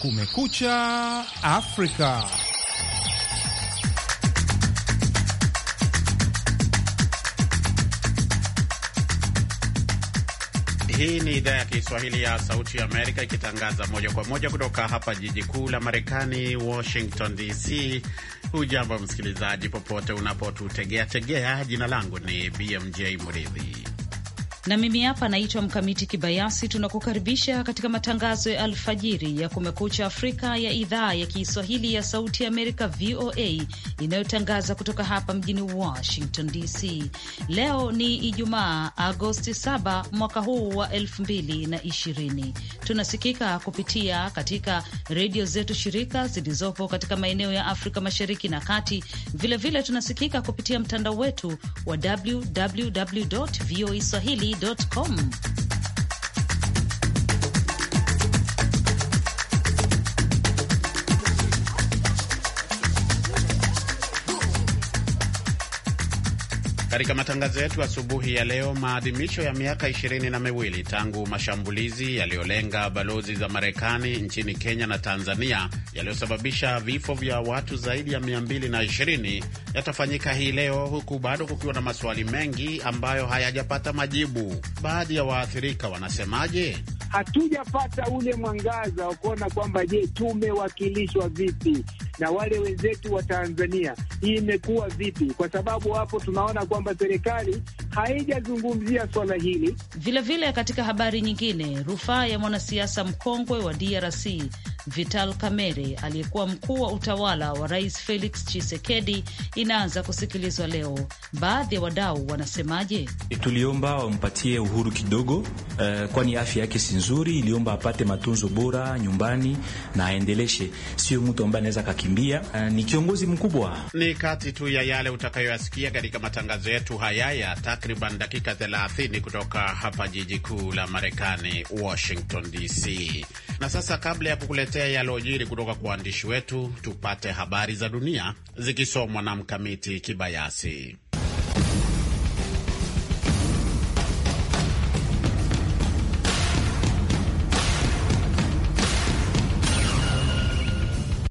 Kumekucha Afrika. Hii ni idhaa ya Kiswahili ya Sauti ya Amerika ikitangaza moja kwa moja kutoka hapa jiji kuu la Marekani, Washington DC. Hujambo msikilizaji, popote unapotutegea tegea. Jina langu ni BMJ Mridhi na mimi hapa naitwa Mkamiti Kibayasi. Tunakukaribisha katika matangazo ya alfajiri ya Kumekucha Afrika ya idhaa ya Kiswahili ya Sauti ya Amerika, VOA, inayotangaza kutoka hapa mjini Washington DC. Leo ni Ijumaa, Agosti 7 mwaka huu wa 2020. Tunasikika kupitia katika redio zetu shirika zilizopo katika maeneo ya Afrika Mashariki na Kati. Vilevile vile tunasikika kupitia mtandao wetu wa www voa swahili com. Katika matangazo yetu asubuhi ya leo, maadhimisho ya miaka ishirini na miwili tangu mashambulizi yaliyolenga balozi za Marekani nchini Kenya na Tanzania yaliyosababisha vifo vya watu zaidi ya ishirini yatafanyika hii leo, huku bado kukiwa na maswali mengi ambayo hayajapata majibu. Baadhi ya waathirika wanasemaje? hatujapata ule mwangaza wa kuona kwamba je, tumewakilishwa vipi na wale wenzetu wa Tanzania, hii imekuwa vipi? Kwa sababu hapo tunaona kwamba serikali haijazungumzia swala hili. Vilevile, katika habari nyingine, rufaa ya mwanasiasa mkongwe wa DRC Vital Kamerhe aliyekuwa mkuu wa utawala wa Rais Felix Tshisekedi inaanza kusikilizwa leo. Baadhi ya wadau wanasemaje? Eh, tuliomba wampatie uhuru kidogo, uh, kwani afya yake si nzuri. Iliomba apate matunzo bora nyumbani na aendeleshe, sio mtu ambaye anaweza akakimbia. Uh, ni kiongozi mkubwa. Ni kati tu ya yale utakayoyasikia katika matangazo yetu haya ya takriban dakika 30 kutoka hapa jiji kuu la Marekani, Washington DC. Na sasa kabla ya kukuletea yalojiri kutoka kwa waandishi wetu, tupate habari za dunia zikisomwa na Mkamiti Kibayasi.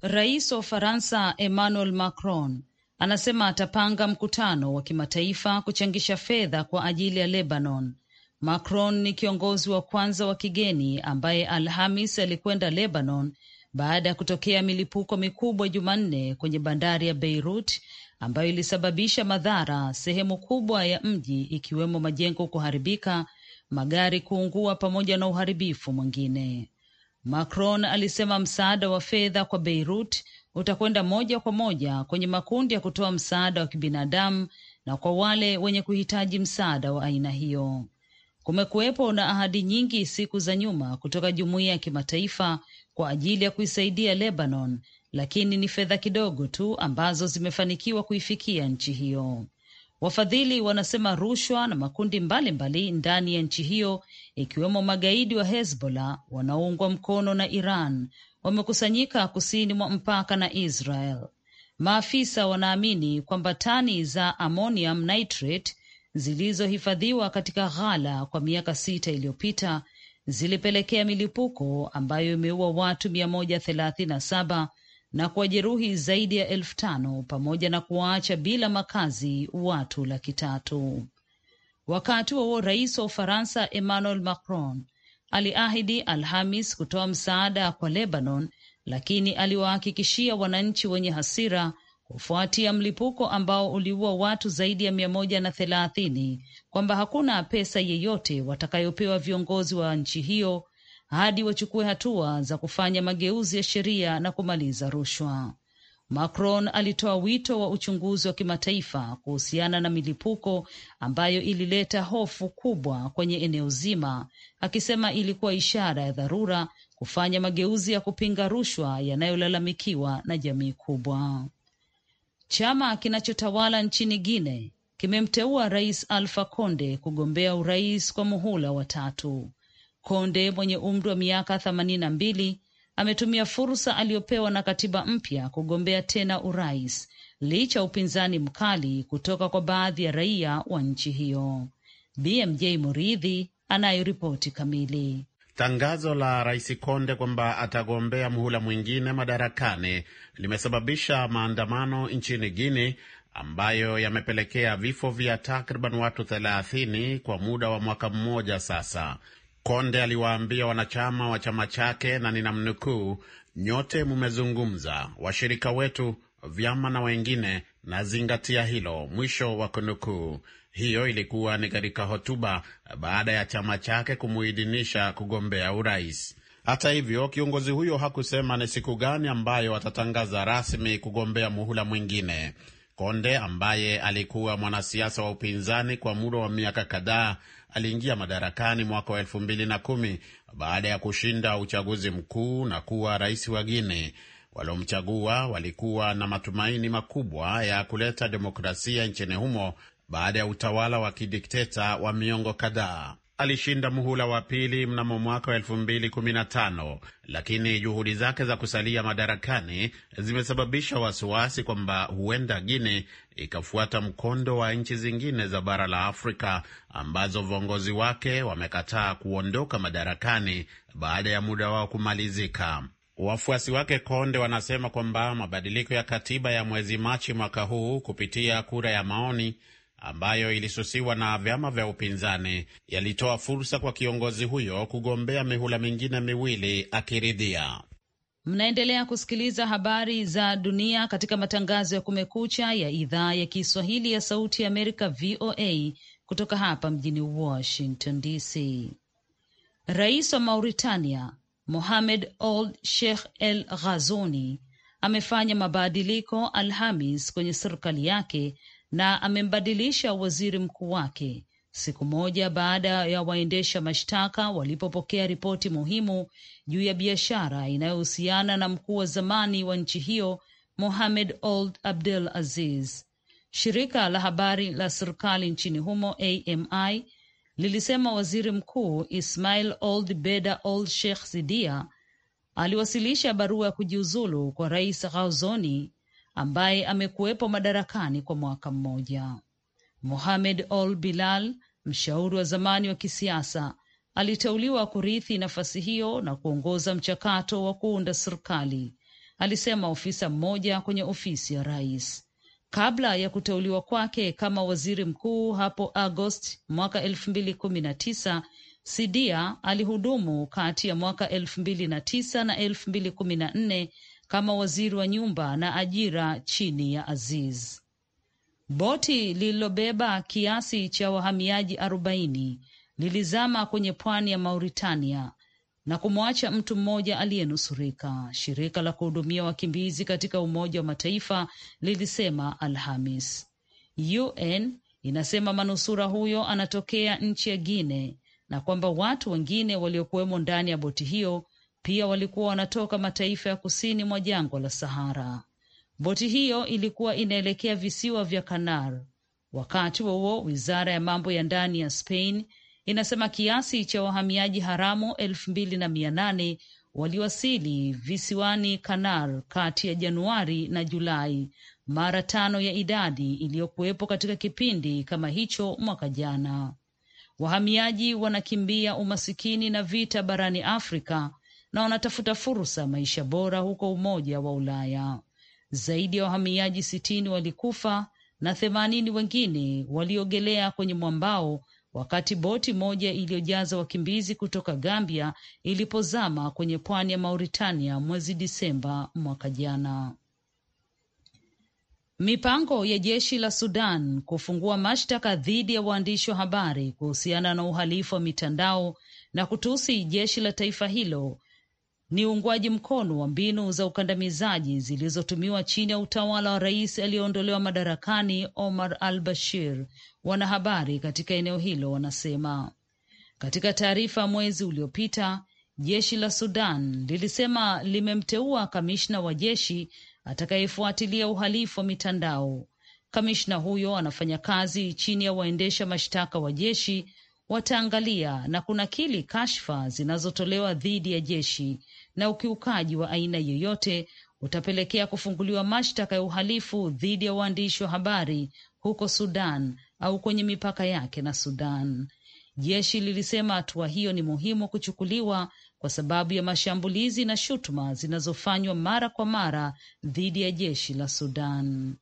Rais wa Ufaransa Emmanuel Macron anasema atapanga mkutano wa kimataifa kuchangisha fedha kwa ajili ya Lebanon Macron ni kiongozi wa kwanza wa kigeni ambaye Alhamis alikwenda Lebanon baada ya kutokea milipuko mikubwa Jumanne kwenye bandari ya Beirut ambayo ilisababisha madhara, sehemu kubwa ya mji ikiwemo majengo kuharibika, magari kuungua, pamoja na uharibifu mwingine. Macron alisema msaada wa fedha kwa Beirut utakwenda moja kwa moja kwenye makundi ya kutoa msaada wa kibinadamu na kwa wale wenye kuhitaji msaada wa aina hiyo. Kumekuwepo na ahadi nyingi siku za nyuma kutoka jumuiya ya kimataifa kwa ajili ya kuisaidia Lebanon, lakini ni fedha kidogo tu ambazo zimefanikiwa kuifikia nchi hiyo. Wafadhili wanasema rushwa na makundi mbalimbali mbali ndani ya nchi hiyo ikiwemo magaidi wa Hezbollah wanaoungwa mkono na Iran wamekusanyika kusini mwa mpaka na Israel. Maafisa wanaamini kwamba tani za ammonium nitrate zilizohifadhiwa katika ghala kwa miaka sita iliyopita zilipelekea milipuko ambayo imeua watu 137 na kuwajeruhi zaidi ya elfu tano pamoja na kuwaacha bila makazi watu laki tatu. Wakati huo rais wa Ufaransa Emmanuel Macron aliahidi Alhamis kutoa msaada kwa Lebanon, lakini aliwahakikishia wananchi wenye hasira kufuatia mlipuko ambao uliua watu zaidi ya mia moja na thelathini kwamba hakuna pesa yeyote watakayopewa viongozi wa nchi hiyo hadi wachukue hatua za kufanya mageuzi ya sheria na kumaliza rushwa. Macron alitoa wito wa uchunguzi wa kimataifa kuhusiana na milipuko ambayo ilileta hofu kubwa kwenye eneo zima, akisema ilikuwa ishara ya dharura kufanya mageuzi ya kupinga rushwa yanayolalamikiwa na jamii kubwa. Chama kinachotawala nchini guine kimemteua Rais alfa Konde kugombea urais kwa muhula wa tatu. Konde mwenye umri wa miaka themanini na mbili ametumia fursa aliyopewa na katiba mpya kugombea tena urais licha ya upinzani mkali kutoka kwa baadhi ya raia wa nchi hiyo. BMJ Muridhi anayeripoti kamili. Tangazo la Rais Konde kwamba atagombea muhula mwingine madarakani limesababisha maandamano nchini guini ambayo yamepelekea vifo vya takriban watu 30 kwa muda wa mwaka mmoja sasa. Konde aliwaambia wanachama wa chama chake, na ninamnukuu, nyote mumezungumza, washirika wetu, vyama na wengine, nazingatia hilo, mwisho wa kunukuu. Hiyo ilikuwa ni katika hotuba baada ya chama chake kumuidhinisha kugombea urais. Hata hivyo, kiongozi huyo hakusema ni siku gani ambayo atatangaza rasmi kugombea muhula mwingine. Konde ambaye alikuwa mwanasiasa wa upinzani kwa muda wa miaka kadhaa aliingia madarakani mwaka wa elfu mbili na kumi baada ya kushinda uchaguzi mkuu na kuwa rais wa Guine. Waliomchagua walikuwa na matumaini makubwa ya kuleta demokrasia nchini humo baada ya utawala wa kidikteta wa miongo kadhaa. Alishinda muhula wa pili mnamo mwaka wa 215 lakini juhudi zake za kusalia madarakani zimesababisha wasiwasi kwamba huenda guine ikafuata mkondo wa nchi zingine za bara la Afrika ambazo viongozi wake wamekataa kuondoka madarakani baada ya muda wao kumalizika. Wafuasi wake Konde wanasema kwamba mabadiliko ya katiba ya mwezi Machi mwaka huu kupitia kura ya maoni ambayo ilisusiwa na vyama vya upinzani yalitoa fursa kwa kiongozi huyo kugombea mihula mingine miwili akiridhia. Mnaendelea kusikiliza habari za dunia katika matangazo ya Kumekucha ya idhaa ya Kiswahili ya Sauti ya Amerika, VOA, kutoka hapa mjini Washington DC. Rais wa Mauritania Mohamed Ould Sheikh El Ghazoni amefanya mabadiliko Alhamis kwenye serikali yake na amembadilisha waziri mkuu wake siku moja baada ya waendesha mashtaka walipopokea ripoti muhimu juu ya biashara inayohusiana na mkuu wa zamani wa nchi hiyo Mohamed Old Abdel Aziz. Shirika la habari la serikali nchini humo AMI lilisema waziri mkuu Ismail Old Beda Old Sheikh Zidia aliwasilisha barua ya kujiuzulu kwa rais Ghauzoni ambaye amekuwepo madarakani kwa mwaka mmoja. Mohamed Ol Bilal, mshauri wa zamani wa kisiasa, aliteuliwa kurithi nafasi hiyo na kuongoza mchakato wa kuunda serikali, alisema ofisa mmoja kwenye ofisi ya rais. Kabla ya kuteuliwa kwake kama waziri mkuu hapo Agosti mwaka elfu mbili kumi na tisa, Sidia alihudumu kati ya mwaka elfu mbili na tisa na elfu mbili kumi na nne kama waziri wa nyumba na ajira chini ya Aziz. Boti lililobeba kiasi cha wahamiaji arobaini lilizama kwenye pwani ya Mauritania na kumwacha mtu mmoja aliyenusurika, shirika la kuhudumia wakimbizi katika Umoja wa Mataifa lilisema Alhamis. UN inasema manusura huyo anatokea nchi ya Guine na kwamba watu wengine waliokuwemo ndani ya boti hiyo pia walikuwa wanatoka mataifa ya kusini mwa jangwa la Sahara. Boti hiyo ilikuwa inaelekea visiwa vya Kanar. Wakati huo wizara ya mambo ya ndani ya Spain inasema kiasi cha wahamiaji haramu elfu mbili na mia nane waliwasili visiwani Kanar kati ya Januari na Julai, mara tano ya idadi iliyokuwepo katika kipindi kama hicho mwaka jana. Wahamiaji wanakimbia umasikini na vita barani Afrika na wanatafuta fursa ya maisha bora huko Umoja wa Ulaya. Zaidi ya wahamiaji sitini walikufa na themanini wengine waliogelea kwenye mwambao wakati boti moja iliyojaza wakimbizi kutoka Gambia ilipozama kwenye pwani ya Mauritania mwezi Disemba mwaka jana. Mipango ya jeshi la Sudan kufungua mashtaka dhidi ya waandishi wa habari kuhusiana na uhalifu wa mitandao na kutusi jeshi la taifa hilo ni uungwaji mkono wa mbinu za ukandamizaji zilizotumiwa chini ya utawala wa rais aliyeondolewa madarakani Omar al Bashir, wanahabari katika eneo hilo wanasema. Katika taarifa mwezi uliopita, jeshi la Sudan lilisema limemteua kamishna wa jeshi atakayefuatilia uhalifu wa mitandao. Kamishna huyo anafanya kazi chini ya waendesha mashtaka wa jeshi wataangalia na kunakili kashfa zinazotolewa dhidi ya jeshi na ukiukaji wa aina yoyote utapelekea kufunguliwa mashtaka ya uhalifu dhidi ya waandishi wa habari huko Sudan au kwenye mipaka yake na Sudan. Jeshi lilisema hatua hiyo ni muhimu kuchukuliwa kwa sababu ya mashambulizi na shutuma zinazofanywa mara kwa mara dhidi ya jeshi la Sudan.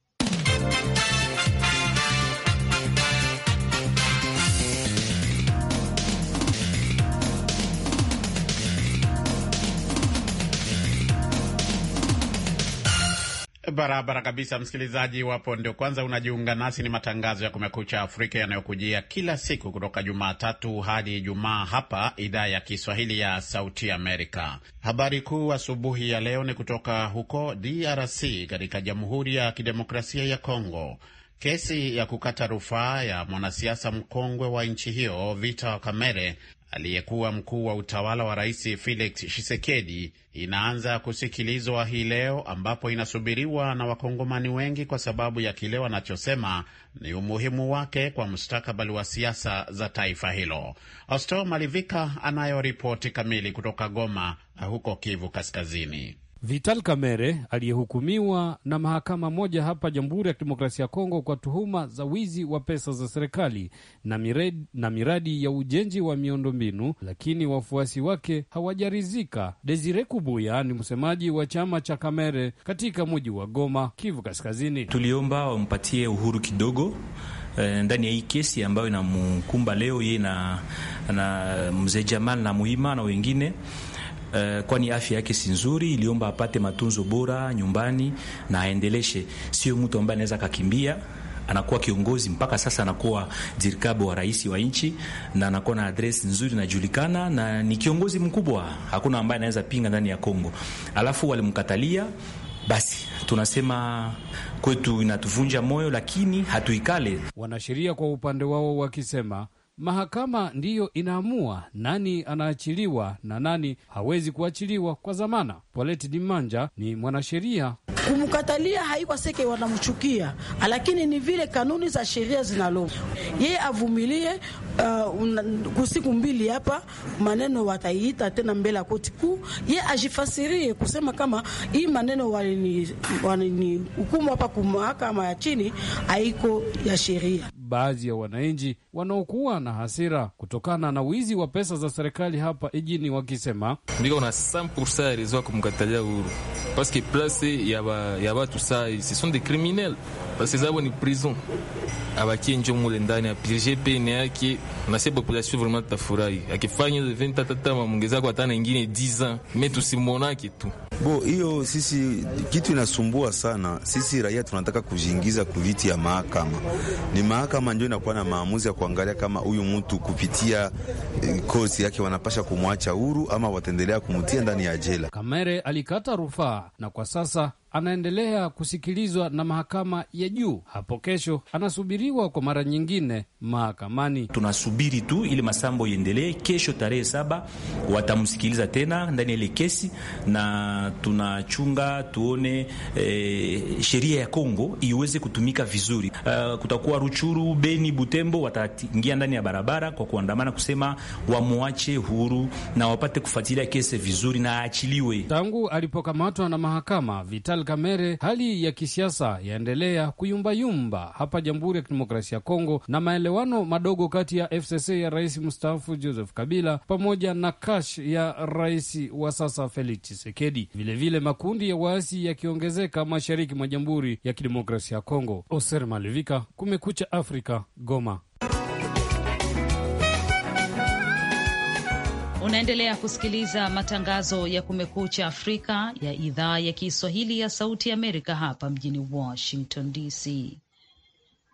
Barabara kabisa, msikilizaji. Iwapo ndio kwanza unajiunga nasi, ni matangazo ya Kumekucha Afrika yanayokujia kila siku kutoka Jumatatu hadi Ijumaa hapa idhaa ya Kiswahili ya Sauti Amerika. Habari kuu asubuhi ya leo ni kutoka huko DRC, katika Jamhuri ya Kidemokrasia ya Kongo. Kesi ya kukata rufaa ya mwanasiasa mkongwe wa nchi hiyo vita kamere aliyekuwa mkuu wa utawala wa Rais Felix Tshisekedi inaanza kusikilizwa hii leo, ambapo inasubiriwa na Wakongomani wengi kwa sababu ya kile wanachosema ni umuhimu wake kwa mustakabali wa siasa za taifa hilo. Austo Malivika anayo ripoti kamili kutoka Goma, huko Kivu Kaskazini. Vital Kamerhe aliyehukumiwa na mahakama moja hapa Jamhuri ya Kidemokrasia ya Kongo kwa tuhuma za wizi wa pesa za serikali na miradi, na miradi ya ujenzi wa miundombinu, lakini wafuasi wake hawajarizika. Desire Kubuya ni msemaji wa chama cha Kamerhe katika mji wa Goma, Kivu Kaskazini. Tuliomba wampatie uhuru kidogo eh, ndani ya hii kesi ambayo inamkumba leo yeye na, na mzee Jamal na Muhima na wengine Eh, kwani afya yake si nzuri, iliomba apate matunzo bora nyumbani na aendeleshe, sio mtu ambaye anaweza akakimbia anakuwa kiongozi mpaka sasa, anakuwa jirikabu wa rais wa nchi na anakuwa na adresi nzuri najulikana, na ni kiongozi mkubwa, hakuna ambaye anaweza pinga ndani ya Kongo. Alafu walimkatalia, basi tunasema kwetu inatuvunja moyo, lakini hatuikale. Wanasheria kwa upande wao wakisema Mahakama ndiyo inaamua nani anaachiliwa na nani hawezi kuachiliwa kwa zamana. Polet Dimanja ni mwanasheria. Kumkatalia haikwa seke wanamchukia, lakini ni vile kanuni za sheria zinalo yeye avumilie. Uh, kusiku mbili hapa maneno wataiita tena mbele ya koti kuu, ye ajifasirie kusema kama hii maneno walini hukumu hapa kumahakama ya chini haiko ya sheria baadhi ya wananchi wanaokuwa na hasira kutokana na wizi wa pesa za serikali hapa ijini, wakisema ndiko na 100% ya raison kumkatalia huru paske place ya watu sai si sont des criminels basezabo ni prison abakie njo mule ndani apirije pene yake nase population vraiment tafurahi akifanya hizo tata mamongezako hata ingine 10 ans me tusimonake tu bo hiyo sisi kitu inasumbua sana sisi raia tunataka kujiingiza kuviti ya mahakama ni mahakama ndio inakuwa na maamuzi ya kuangalia kama huyu mtu kupitia eh, kosi yake wanapasha kumwacha huru ama wataendelea kumtia ndani ya jela kamere alikata rufaa na kwa sasa anaendelea kusikilizwa na mahakama ya juu. Hapo kesho anasubiriwa kwa mara nyingine mahakamani. Tunasubiri tu ili masambo iendelee. Kesho tarehe saba watamsikiliza tena ndani ya ile kesi, na tunachunga tuone e, sheria ya Kongo iweze kutumika vizuri. Uh, kutakuwa Ruchuru, Beni, Butembo wataingia ndani ya barabara kwa kuandamana kusema wamwache huru na wapate kufuatilia kesi vizuri na aachiliwe. Tangu alipokamatwa na mahakama vita Vital Kamere, hali ya kisiasa yaendelea kuyumbayumba hapa Jamhuri ya Kidemokrasia ya Kongo, na maelewano madogo kati ya FCC ya rais mstaafu Joseph Kabila pamoja na kash ya rais wa sasa Felix Tshisekedi. Vilevile makundi ya waasi yakiongezeka mashariki mwa Jamhuri ya Kidemokrasia ya Kongo. Oser Malivika, Kumekucha Afrika, Goma. Unaendelea kusikiliza matangazo ya Kumekucha Afrika ya idhaa ya Kiswahili ya Sauti Amerika hapa mjini Washington DC.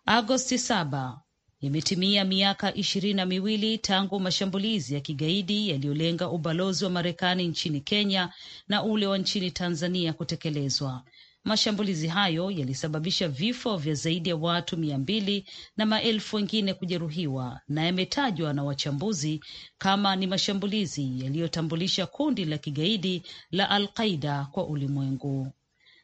Agosti 7 imetimia miaka ishirini na miwili tangu mashambulizi ya kigaidi yaliyolenga ubalozi wa Marekani nchini Kenya na ule wa nchini Tanzania kutekelezwa. Mashambulizi hayo yalisababisha vifo vya zaidi ya watu mia mbili na maelfu wengine kujeruhiwa na yametajwa na wachambuzi kama ni mashambulizi yaliyotambulisha kundi la kigaidi la Al-Qaida kwa ulimwengu.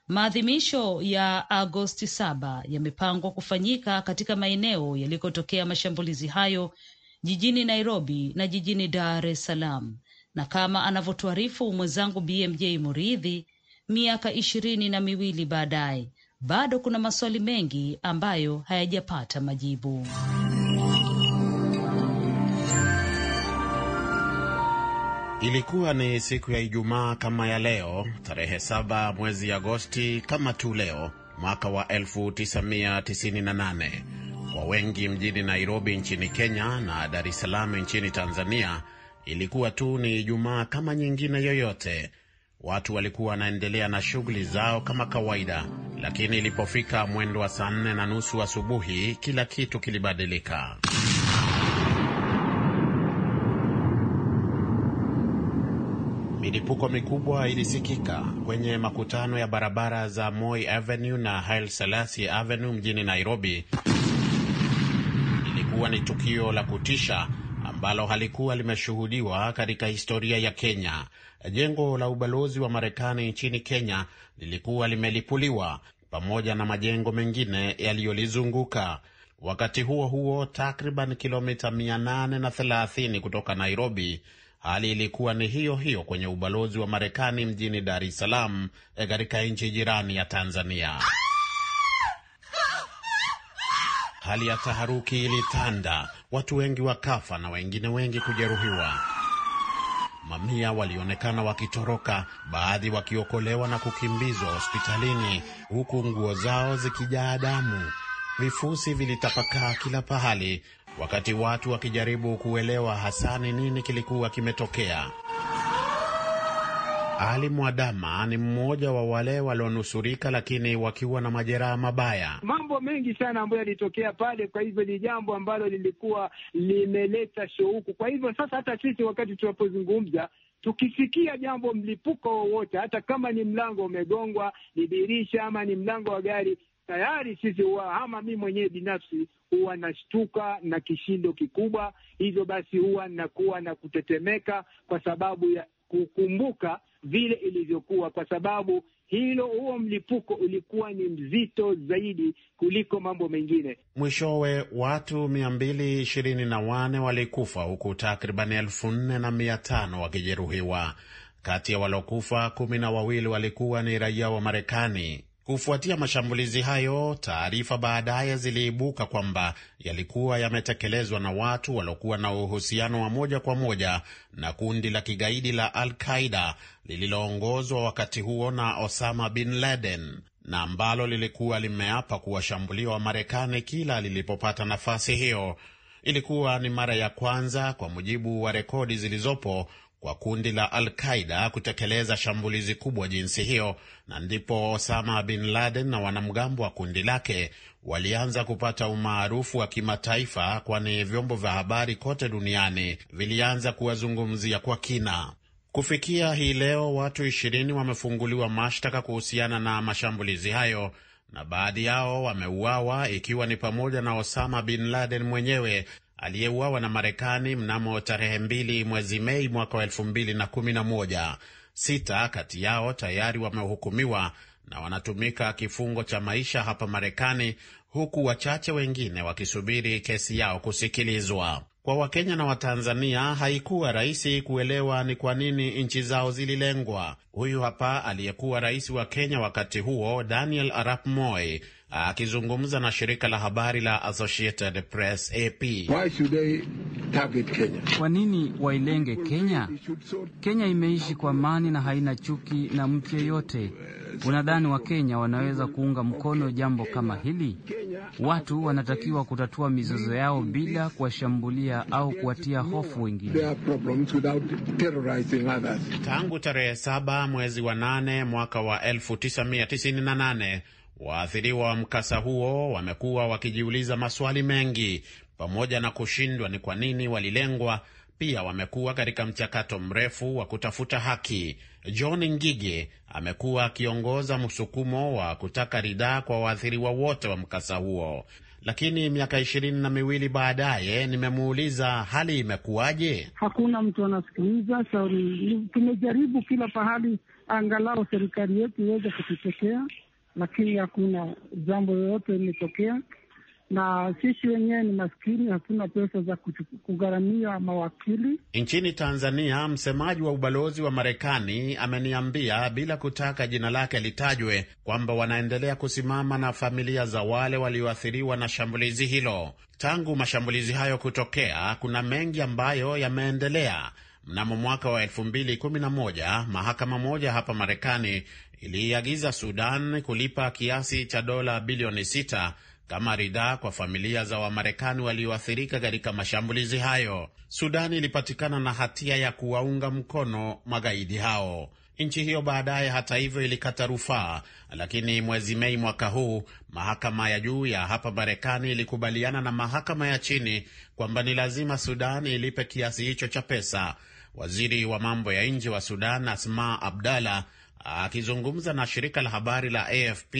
Maadhimisho ya Agosti saba yamepangwa kufanyika katika maeneo yalikotokea mashambulizi hayo jijini Nairobi na jijini Dar es Salaam, na kama anavyotuarifu mwenzangu BMJ Muridhi, miaka ishirini na miwili baadaye, bado kuna maswali mengi ambayo hayajapata majibu. Ilikuwa ni siku ya Ijumaa kama ya leo tarehe saba mwezi Agosti kama tu leo mwaka wa 1998 kwa wengi mjini Nairobi nchini Kenya na Dar es Salaam nchini Tanzania ilikuwa tu ni Ijumaa kama nyingine yoyote, Watu walikuwa wanaendelea na shughuli zao kama kawaida, lakini ilipofika mwendo wa saa nne na nusu asubuhi, kila kitu kilibadilika. Milipuko mikubwa ilisikika kwenye makutano ya barabara za Moi Avenue na Haile Selassie Avenue mjini Nairobi. Ilikuwa ni tukio la kutisha ambalo halikuwa limeshuhudiwa katika historia ya Kenya jengo la ubalozi wa Marekani nchini Kenya lilikuwa limelipuliwa pamoja na majengo mengine yaliyolizunguka. Wakati huo huo, takriban kilomita 830 kutoka Nairobi, hali ilikuwa ni hiyo hiyo kwenye ubalozi wa Marekani mjini Dar es Salaam eh, katika nchi jirani ya Tanzania. Hali ya taharuki ilitanda, watu wengi wakafa na wengine wengi kujeruhiwa mamia walionekana wakitoroka, baadhi wakiokolewa na kukimbizwa hospitalini, huku nguo zao zikijaa damu. Vifusi vilitapakaa kila pahali, wakati watu wakijaribu kuelewa hasa ni nini kilikuwa kimetokea. Ali Mwadama ni mmoja wa wale walionusurika, lakini wakiwa na majeraha mabaya. Mambo mengi sana ambayo yalitokea pale, kwa hivyo ni jambo ambalo lilikuwa limeleta shauku. Kwa hivyo sasa, hata sisi wakati tunapozungumza tukisikia jambo mlipuko wowote, hata kama ni mlango umegongwa, ni dirisha ama ni mlango wa gari, tayari sisi huwa ama mi mwenyewe binafsi huwa nashtuka na kishindo kikubwa. Hivyo basi huwa nakuwa na kutetemeka kwa sababu ya kukumbuka vile ilivyokuwa, kwa sababu hilo, huo mlipuko ulikuwa ni mzito zaidi kuliko mambo mengine. Mwishowe watu mia mbili ishirini na wane walikufa huku takribani elfu nne na mia tano wakijeruhiwa. Kati ya waliokufa kumi na wawili walikuwa ni raia wa Marekani. Kufuatia mashambulizi hayo, taarifa baadaye ziliibuka kwamba yalikuwa yametekelezwa na watu waliokuwa na uhusiano wa moja kwa moja na kundi la kigaidi la Al-Qaida lililoongozwa wakati huo na Osama bin Laden na ambalo lilikuwa limeapa kuwashambulia marekani kila lilipopata nafasi hiyo. Ilikuwa ni mara ya kwanza, kwa mujibu wa rekodi zilizopo, kwa kundi la Al-Qaida kutekeleza shambulizi kubwa jinsi hiyo, na ndipo Osama bin Laden na wanamgambo wa kundi lake walianza kupata umaarufu wa kimataifa, kwani vyombo vya habari kote duniani vilianza kuwazungumzia kwa kina. Kufikia hii leo watu ishirini wamefunguliwa mashtaka kuhusiana na mashambulizi hayo na baadhi yao wameuawa, ikiwa ni pamoja na Osama bin Laden mwenyewe aliyeuawa na Marekani mnamo tarehe mbili mwezi Mei mwaka wa elfu mbili na kumi na moja. Sita kati yao tayari wamehukumiwa na wanatumika kifungo cha maisha hapa Marekani, huku wachache wengine wakisubiri kesi yao kusikilizwa. Kwa Wakenya na Watanzania haikuwa rahisi kuelewa ni kwa nini nchi zao zililengwa. Huyu hapa aliyekuwa rais wa Kenya wakati huo, Daniel Arap Moi akizungumza na shirika la habari la Associated Press AP. Kwa nini wailenge Kenya? Kenya imeishi kwa amani na haina chuki na mtu yeyote. Unadhani Wakenya wanaweza kuunga mkono jambo kama hili? Watu wanatakiwa kutatua mizozo yao bila kuwashambulia au kuwatia hofu wengine. Tangu tarehe saba mwezi wa nane mwaka wa nane Waathiriwa wa mkasa huo wamekuwa wakijiuliza maswali mengi, pamoja na kushindwa ni kwa nini walilengwa. Pia wamekuwa katika mchakato mrefu wa kutafuta haki. John Ngige amekuwa akiongoza msukumo wa kutaka ridhaa kwa waathiriwa wote wa mkasa huo, lakini miaka ishirini na miwili baadaye nimemuuliza hali imekuwaje. Hakuna mtu anasikiliza shauri. Tumejaribu kila pahali, angalau serikali yetu iweze kututekea lakini hakuna jambo yoyote imetokea na sisi wenyewe ni maskini, hatuna pesa za kugharamia mawakili nchini Tanzania. Msemaji wa ubalozi wa Marekani ameniambia bila kutaka jina lake litajwe kwamba wanaendelea kusimama na familia za wale walioathiriwa na shambulizi hilo. Tangu mashambulizi hayo kutokea, kuna mengi ambayo yameendelea. Mnamo mwaka wa 2011 mahakama moja hapa Marekani iliagiza Sudan kulipa kiasi cha dola bilioni sita kama ridhaa kwa familia za Wamarekani walioathirika katika mashambulizi hayo. Sudan ilipatikana na hatia ya kuwaunga mkono magaidi hao. Nchi hiyo baadaye, hata hivyo, ilikata rufaa, lakini mwezi Mei mwaka huu mahakama ya juu ya hapa Marekani ilikubaliana na mahakama ya chini kwamba ni lazima Sudan ilipe kiasi hicho cha pesa. Waziri wa mambo ya nje wa Sudan Asma Abdallah Akizungumza na shirika la habari la AFP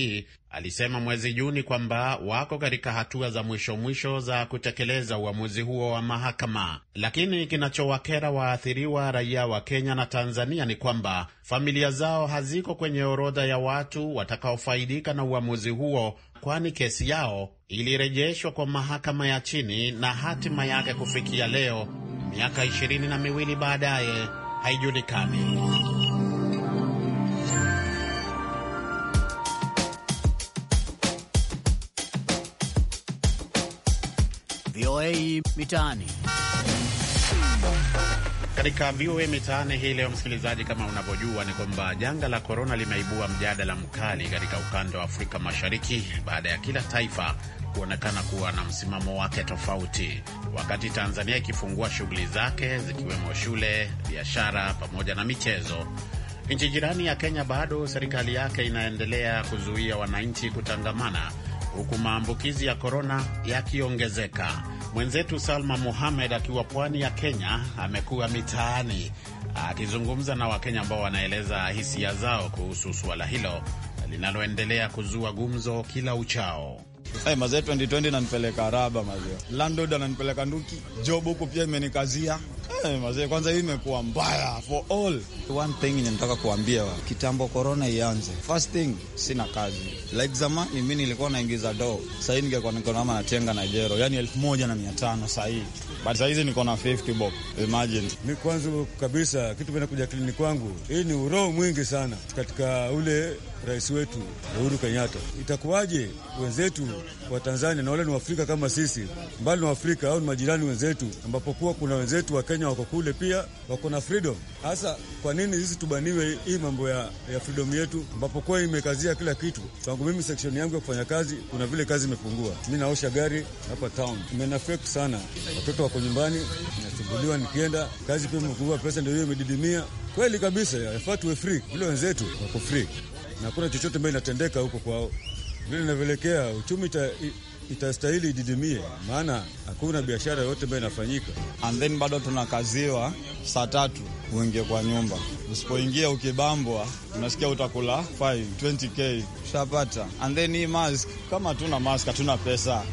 alisema mwezi Juni kwamba wako katika hatua za mwisho mwisho za kutekeleza uamuzi huo wa mahakama, lakini kinachowakera waathiriwa raia wa Kenya na Tanzania ni kwamba familia zao haziko kwenye orodha ya watu watakaofaidika na uamuzi huo, kwani kesi yao ilirejeshwa kwa mahakama ya chini na hatima yake kufikia leo, miaka ishirini na miwili baadaye, haijulikani. mitaani. Katika VOA mitaani hii leo, msikilizaji, kama unavyojua ni kwamba janga la korona limeibua mjadala mkali katika ukanda wa Afrika Mashariki baada ya kila taifa kuonekana kuwa na msimamo wake tofauti. Wakati Tanzania ikifungua shughuli zake zikiwemo shule, biashara pamoja na michezo, nchi jirani ya Kenya bado serikali yake inaendelea kuzuia wananchi kutangamana, huku maambukizi ya korona yakiongezeka. Mwenzetu Salma muhamed akiwa pwani ya Kenya amekuwa mitaani akizungumza na Wakenya ambao wanaeleza hisia zao kuhusu suala hilo linaloendelea kuzua gumzo kila uchao. Hey, mazee 2020 nanipeleka raba mazee. Landlord ananipeleka nduki. Job huku pia imenikazia Hey, eh, mazee kwanza hii imekuwa mbaya for all. One thing ninataka kuambia wa kitambo corona ianze. First thing sina kazi. Like zamani mimi nilikuwa naingiza do. Sasa hivi ningekuwa niko na natenga na jero. yani 1500 sasa hivi. But sasa hizi niko na 50 bob. Imagine. Mimi kwanza kabisa kitu bana kuja kliniki kwangu. Hii ni uroho mwingi sana katika ule rais wetu Uhuru Kenyatta. Itakuwaje wenzetu wa Tanzania na wale ni Waafrika kama sisi, mbali na Waafrika au ni majirani wenzetu ambapo kuwa kuna wenzetu wa Kenya Wakenya wako kule pia wako na freedom. Hasa kwa nini sisi tubaniwe hii mambo ya, ya freedom yetu ambapo kuwa imekazia kila kitu? Tangu mimi section yangu ya kufanya kazi, kuna vile kazi imepungua. Mi naosha gari hapa town, imenafek sana. Watoto wako nyumbani, nasumbuliwa nikienda kazi, pia imepungua, pesa ndio hiyo imedidimia. Kweli kabisa, yafaa tuwe free vile wenzetu wako free, na kuna chochote ambayo inatendeka huko kwao, vile inavyoelekea uchumi itastahili ididimie, maana hakuna biashara yoyote ambayo inafanyika. And then bado tunakaziwa saa tatu uingie kwa nyumba, usipoingia ukibambwa unasikia utakula 5 20k ushapata. And then hii mask, kama hatuna mask hatuna pesa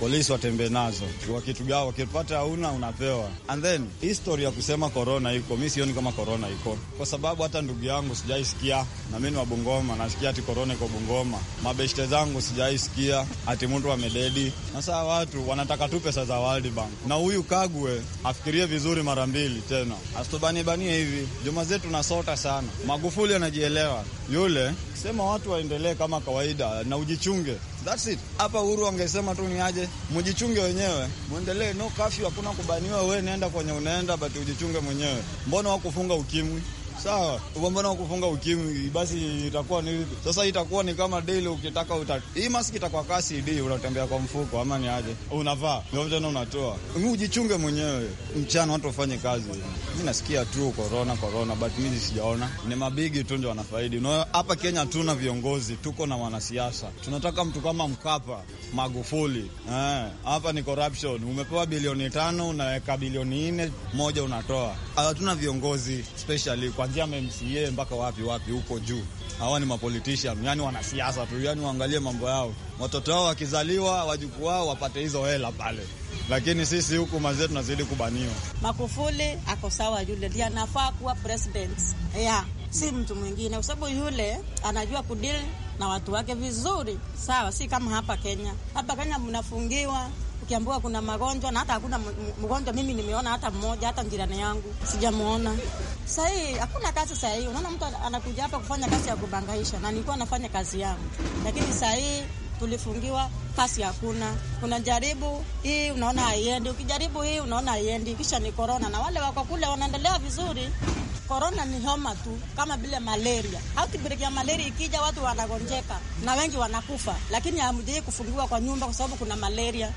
polisi watembee nazo, wakitugawa, wakipata hauna unapewa. And then history ya kusema korona iko, mi sioni kama korona iko, kwa sababu hata ndugu yangu sijaisikia, na mi ni wa Bungoma, nasikia ati korona iko Bungoma. Mabeshte zangu sijaisikia ati mtu ameledi. Sasa watu wanataka tu pesa za World Bank, na huyu Kagwe afikirie vizuri mara mbili tena, asitubanibanie hivi. Juma zetu nasota sana. Magufuli anajielewa yule, sema watu waendelee kama kawaida na ujichunge That's it. Hapa uhuru wangesema tu ni aje, mjichunge wenyewe, mwendelee, no kafyu, hakuna kubaniwa, we nenda kwenye unaenda, but ujichunge mwenyewe. Mbona wakufunga ukimwi? sawa. kwa Mbona kufunga ukimwi basi itakuwa ni vipi sasa? Itakuwa ni kama daily, ukitaka uta hii maski itakuwa kasi di, unatembea kwa mfuko ama ni aje? Unavaa ndio tena unatoa. Mimi ujichunge mwenyewe, mchana watu wafanye kazi. Mimi nasikia tu corona corona but mimi sijaona, ni mabigi tu ndio wanafaidi. Unaona hapa Kenya tuna viongozi, tuko na wanasiasa. Tunataka mtu kama Mkapa, Magufuli. Eh, hapa ni corruption. Umepewa bilioni tano unaweka bilioni nne moja unatoa. Hatuna viongozi specially kwa kuanzia MCA mpaka wapi wapi huko juu. Hawa ni mapolitician, yani wanasiasa tu, yani waangalie mambo yao, watoto wao wakizaliwa, wajukuu wao wapate hizo hela pale, lakini sisi huku mazee tunazidi kubaniwa. Makufuli ako sawa, yule ndiye anafaa kuwa president yeah, si mtu mwingine, kwa sababu yule anajua kudili na watu wake vizuri, sawa, si kama hapa Kenya. Hapa Kenya mnafungiwa ukiambiwa kuna magonjwa na hata hakuna mgonjwa. Mimi nimeona hata mmoja, hata jirani yangu sijamwona. Sahii hakuna kazi sahii, unaona mtu anakuja hapa kufanya kazi ya kubangaisha, na nilikuwa nafanya kazi yangu, lakini sahii tulifungiwa kasi hakuna. jaribu hii unaona haiendi, ukijaribu hii unaona haiendi, kisha ni korona, na wale wako kule wanaendelea vizuri. Korona ni homa tu kama vile malaria. Outbreak ya malaria ikija, watu wanagonjeka na wengi wanakufa, lakini hamjai kufungiwa kwa nyumba kwa sababu kuna malaria.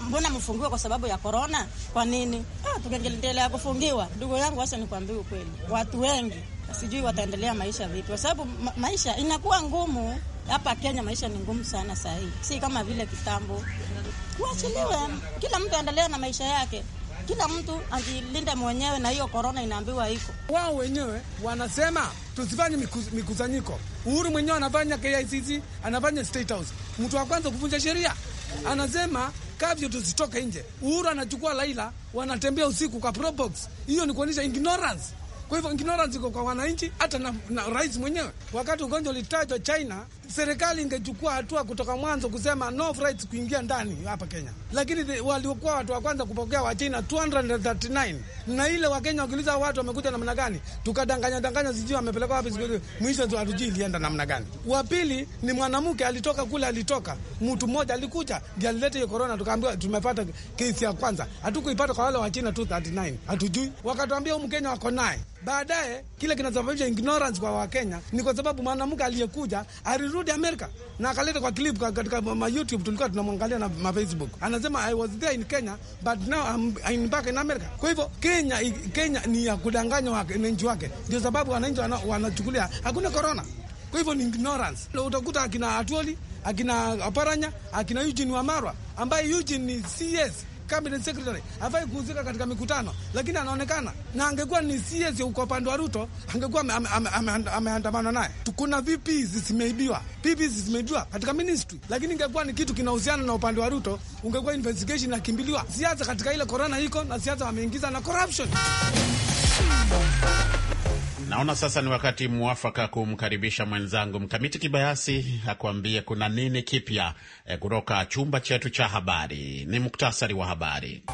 Mbona mfungiwe kwa sababu ya korona? Kwa nini? Ah, tungeendelea kufungiwa. Ndugu yangu, wacha nikwambie ukweli, watu wengi sijui wataendelea maisha vipi, kwa sababu ma maisha inakuwa ngumu hapa Kenya. Maisha ni ngumu sana saa hii, si kama vile kitambo. Tuachiliwe, kila mtu aendelea na maisha yake kila mtu ajilinde mwenyewe, na hiyo korona inaambiwa iko. Wao wenyewe wanasema tusifanye mikusanyiko. Uhuru mwenyewe anafanya KICC, anafanya State House, mtu wa kwanza kuvunja sheria, anasema kavyo tusitoke nje. Uhuru anachukua Laila, wanatembea usiku kwa probox. Hiyo ni kuonyesha ignorance. Kwa hivyo ignorance iko kwa wananchi, hata na, na rais mwenyewe. Wakati ugonjwa ulitajwa China serikali ingechukua hatua kutoka mwanzo kusema no flights kuingia ndani hapa Kenya, lakini waliokuwa watu wa kwanza kupokea wa China 239 na ile Wakenya wakiuliza watu wamekuja namna gani, tukadanganya danganya, sijui wamepelekwa wapi, mwisho hatujui ilienda namna gani. Wa pili ni mwanamke alitoka kule, alitoka mtu mmoja alikuja ndiye alileta hiyo korona, tukaambiwa tumepata kesi ya kwanza, hatukuipata kwa wale wa China 239 hatujui, wakatuambia huu Mkenya wako naye. Baadaye kile kinasababisha ignorance kwa Wakenya ni kwa sababu mwanamke aliyekuja alirudi alirudi Amerika na akaleta kwa clip katika ma YouTube, tulikuwa tunamwangalia na ma Facebook. Anasema I was there in Kenya but now I'm, I'm back in America. Kwa hivyo Kenya, Kenya ni ya kudanganya wananchi wake, ndio sababu wananchi wanachukulia hakuna corona. Kwa hivyo ni ignorance. Utakuta akina Atwoli, akina Aparanya, akina Eugene Wamarwa ambaye Eugene ni CS cabinet secretary, hafai kuhusika katika mikutano, lakini anaonekana na angekuwa ni CS uko upande wa Ruto angekuwa ameandamana naye. Kuna VPs zimeibiwa, PPs zimeibiwa katika ministry, lakini ingekuwa ni kitu kinahusiana na upande wa Ruto, ungekuwa investigation nakimbiliwa siasa katika ile korona iko na siasa wameingiza na corruption Naona sasa ni wakati mwafaka kumkaribisha mwenzangu Mkamiti Kibayasi akuambie kuna nini kipya eh, kutoka chumba chetu cha habari. Ni muktasari wa habari.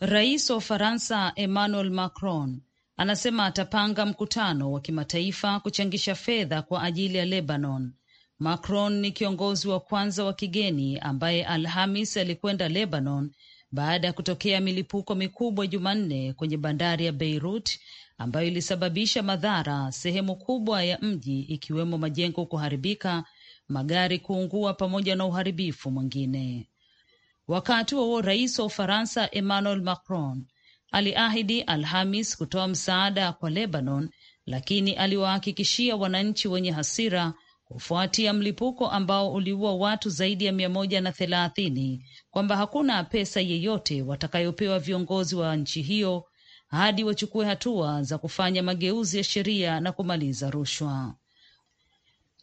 Rais wa Ufaransa Emmanuel Macron anasema atapanga mkutano wa kimataifa kuchangisha fedha kwa ajili ya Lebanon. Macron ni kiongozi wa kwanza wa kigeni ambaye Alhamis alikwenda Lebanon baada ya kutokea milipuko mikubwa Jumanne kwenye bandari ya Beirut ambayo ilisababisha madhara, sehemu kubwa ya mji ikiwemo majengo kuharibika, magari kuungua, pamoja na uharibifu mwingine. Wakati huo rais wa Ufaransa Emmanuel Macron aliahidi Alhamis kutoa msaada kwa Lebanon, lakini aliwahakikishia wananchi wenye hasira kufuatia mlipuko ambao uliua watu zaidi ya mia moja na thelathini kwamba hakuna pesa yeyote watakayopewa viongozi wa nchi hiyo hadi wachukue hatua za kufanya mageuzi ya sheria na kumaliza rushwa.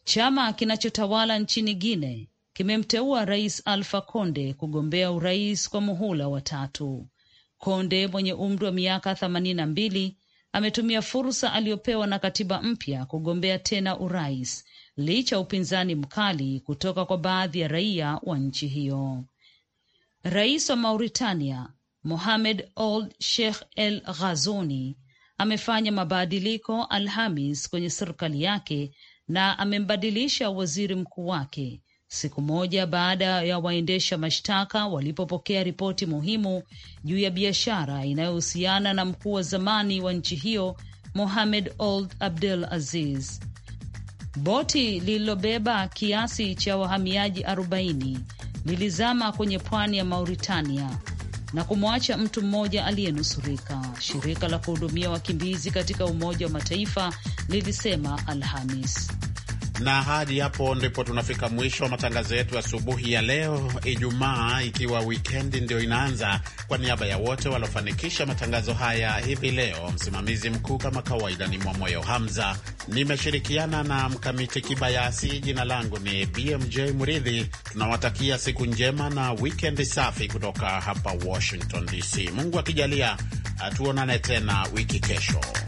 Chama kinachotawala nchini Guine kimemteua Rais alfa conde kugombea urais kwa muhula wa tatu. Konde mwenye umri wa miaka themanini na mbili ametumia fursa aliyopewa na katiba mpya kugombea tena urais licha ya upinzani mkali kutoka kwa baadhi ya raia wa nchi hiyo. Rais wa Mauritania Mohamed Ould Sheikh El Ghazoni amefanya mabadiliko Alhamis kwenye serikali yake na amembadilisha waziri mkuu wake siku moja baada ya waendesha mashtaka walipopokea ripoti muhimu juu ya biashara inayohusiana na mkuu wa zamani wa nchi hiyo Mohamed Ould Abdel Aziz. Boti lililobeba kiasi cha wahamiaji 40 lilizama kwenye pwani ya Mauritania na kumwacha mtu mmoja aliyenusurika. Shirika la kuhudumia wakimbizi katika Umoja wa Mataifa lilisema Alhamis. Na hadi hapo ndipo tunafika mwisho wa matangazo yetu asubuhi ya leo Ijumaa, ikiwa wikendi ndio inaanza. Kwa niaba ya wote waliofanikisha matangazo haya hivi leo, msimamizi mkuu kama kawaida ni Mwamoyo Hamza, nimeshirikiana na Mkamiti Kibayasi. Jina langu ni BMJ mridhi Tunawatakia siku njema na wikendi safi kutoka hapa Washington DC. Mungu akijalia, tuonane tena wiki kesho.